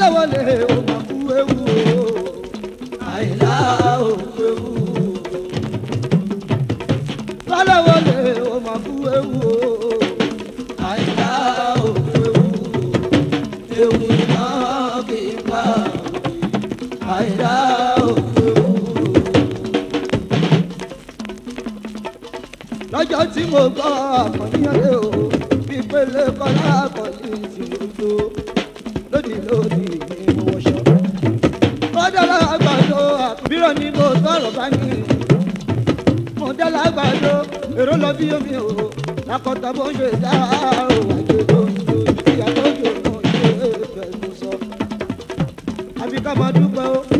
aláwọlé ò mà kú ewu o àìlá ò kú ewu o aláwọlé ò mà kú ewu o àìlá ò kú ewu o ewu náà kì í pa àìlá ò kú ewu o. lọ́jọ́ tí mo gbọ́ àkànníyàn lé o bí pélé kọ́lá kọ́lí ti rúdó lódì lódì. bá lọ èrò lọ bí omi o lakọta bó ń ṣe dá o àjò tó ń jò ìyá tó ń jò mọ ìṣe ètò ẹ̀kọ́ sọ àfi máa dúpẹ́ o.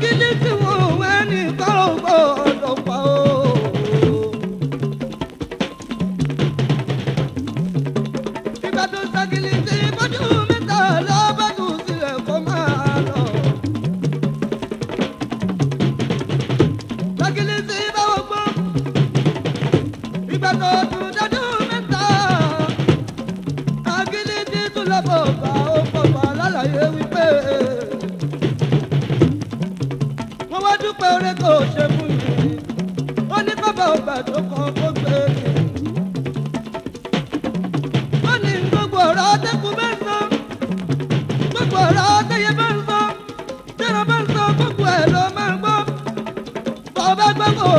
look at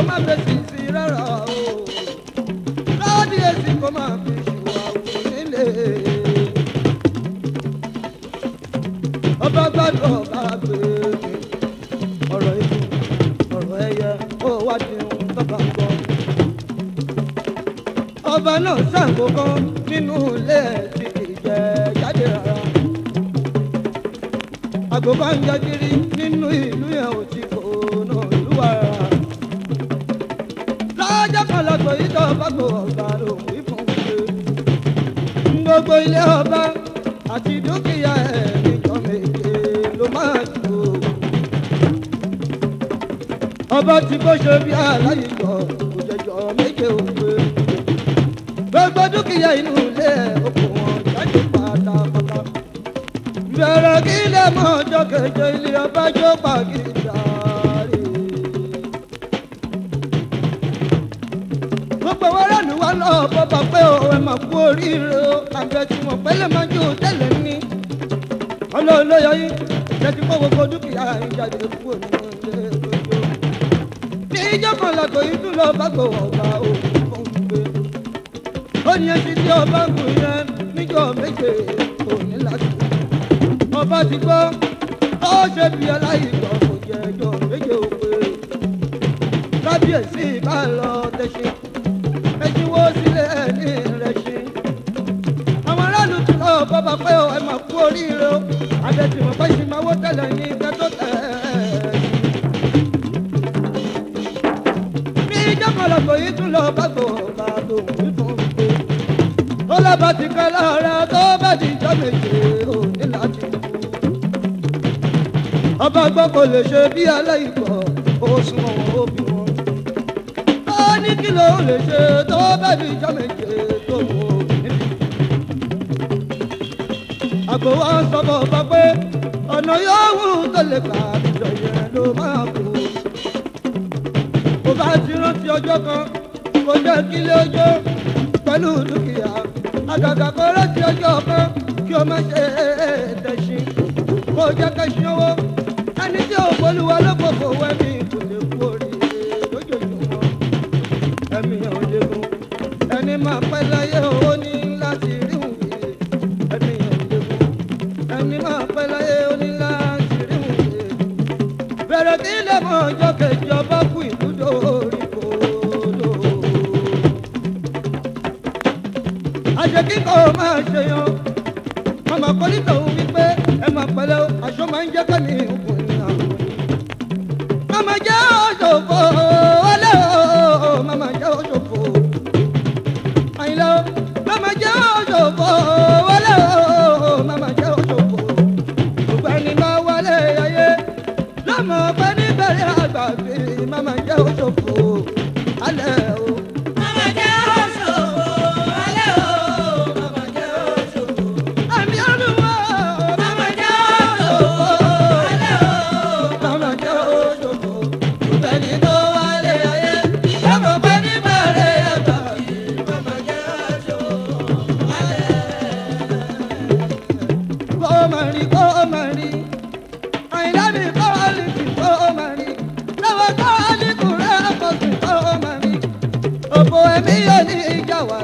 má fèsì sí rárá o lọ́wọ́ díye sí kó má fi ṣùwà òkú nílé. ọba gbàdúrà ọba gbé ọ̀rọ̀ ikú ọ̀rọ̀ ẹyẹ ó nínú ìlú yẹn ò ti kọ́. gbogbo ìtọ́ ọba kò ọba ló wí fún mi. gbogbo ilé ọba àti dúkìá ẹ̀ nìkan méje ló máa tó. ọba tí kò ṣe bí aláyé yọ kò jẹjọ méje òwe. gbogbo dúkìá inú ilé ẹ̀ òkú wọn jáde pátápátá. bẹ̀rẹ̀ kí ilé mọ́ ọjọ́ kẹjọ ilé ọba jó pàgìdà. lọ́wọ́ bá pé o ẹ mà kú oríire o àbẹ̀tìmọ̀ pẹ́lẹ́ máa jó tẹ́lẹ̀ ní. ọlọ́run ló yọ yín ìjẹ́jú kó gbogbo dúkìá ìjáde kúrò nínú ilé gbogbo. ní ìjọba làgbo yìí tún lọ bá gbòòwò ọba òògùn fún un gbé. ó ní etí tí ọba ń gùn yẹn níjọ́ méje òní láti. ọba ti gbọ́ ó ṣe bí aláìgbọ́ kò jẹ́ ẹjọ́ méje òpè. lábíyèsí ìbá lọ tẹ̀sí ariwo sílẹ̀ ní ìrẹsì àwọn aráàlú tún lọ bàbá pé ẹ mà kú oríire o àdẹ̀tìmọ̀ pé ìṣìmáwó tẹ̀lé ní kẹ́tọ́ tẹ̀ bí ìjọkọlọpọ̀ yìí tún lọ bàgbọ̀ bàgbọ̀ fífún gbé ó lọ́ba ti kẹ́ lára tó bá di ìjọ méje ò ọba gbọ́ kò lè ṣe bí aláìgbọ̀ ó sún òbí ní kí ló lè ṣe tó bẹ́ẹ̀ ní ìjọ méje tó wò níbi. àgbò wa ń sọ bọ̀ bá pé ọ̀nà yóò wù tó lè gbà àbíjọ yẹn ló máa kú. kò bá ti rántí ọjọ́ kan kò jẹ́ kí lé ọjọ́ pẹ̀lú dúkìá àgàgà máa ṣe yan ọmọ kọ́lítọ̀ wípé ẹ máa pẹ̀lẹ́ aṣọ máa ń jẹ́ kẹ́mi gbogbo ẹ̀mí yóò ní ìjà wà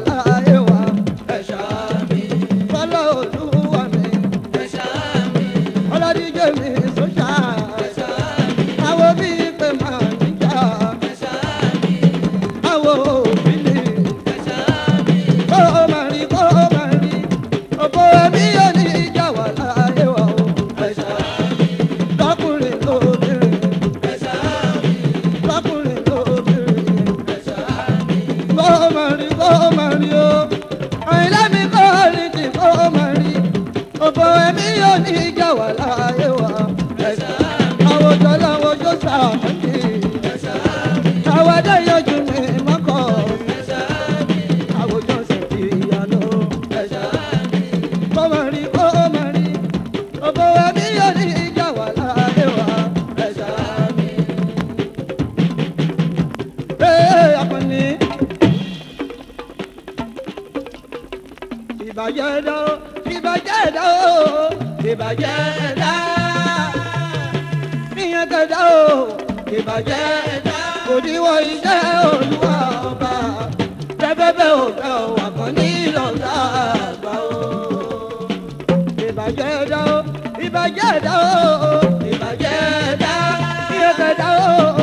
bàjẹ́ kò díwọ́ iṣẹ́ olúwa ọba tẹ́fẹ́fẹ́ òkè ọ̀wà kan ní ìlọ́ta àgbà o. ìbàjẹ́ ẹ̀dá o ìbàjẹ́ ẹ̀dá o ìbàjẹ́ ẹ̀dá ìyẹ̀kẹ̀ ẹ̀dá o.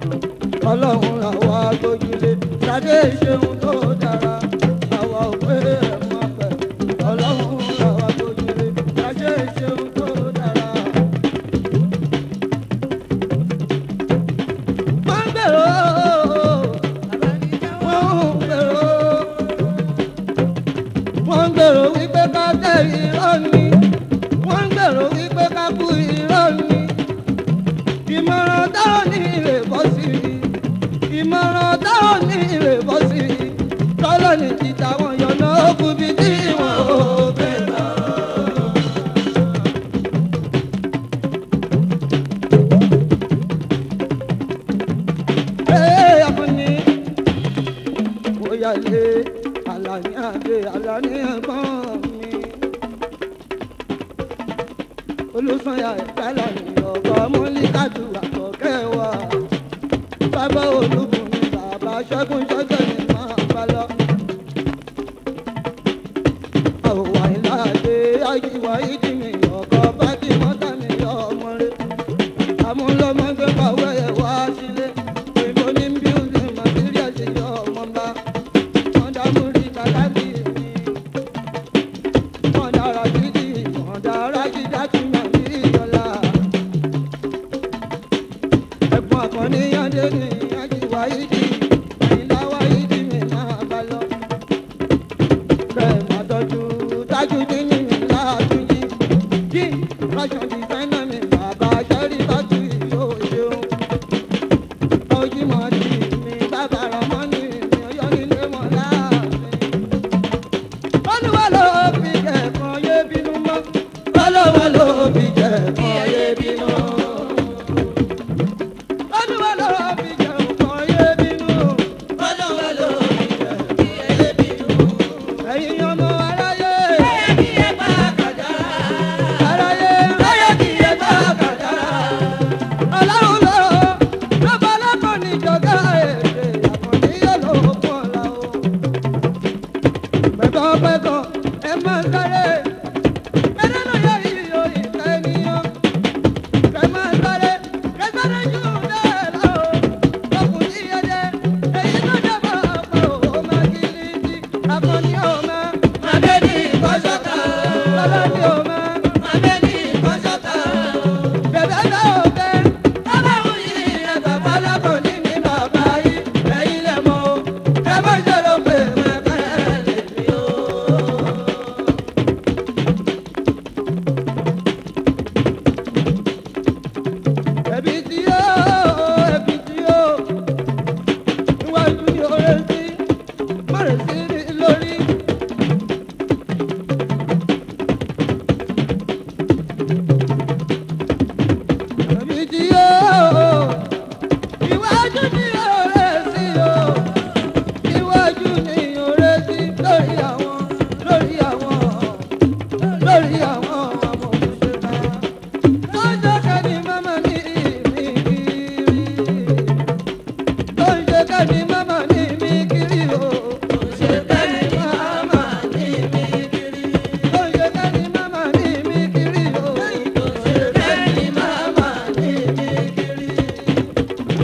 ṣẹ́gun ọlọ́run àwa gbójúlé ṣadé ìṣeun tó dára àwa ò pé ẹ̀ mọ́ pẹ̀ ọlọ́run àwa gbójúlé ṣadé ìṣeun tó dára. wọ́n gbèrò wọ́n gbèrò wípé ká kú irọ́ ni ìmọ̀ràn dáhùn ní ilé. ya ìpẹ́lẹ̀ ìyọ̀kọ́ múlíkàtù àkọ́kẹ́ wa bàbá olúbùnmi bàbá ṣẹ́gun ṣẹ́gun. ọpẹ́ kan ẹ máa sáré.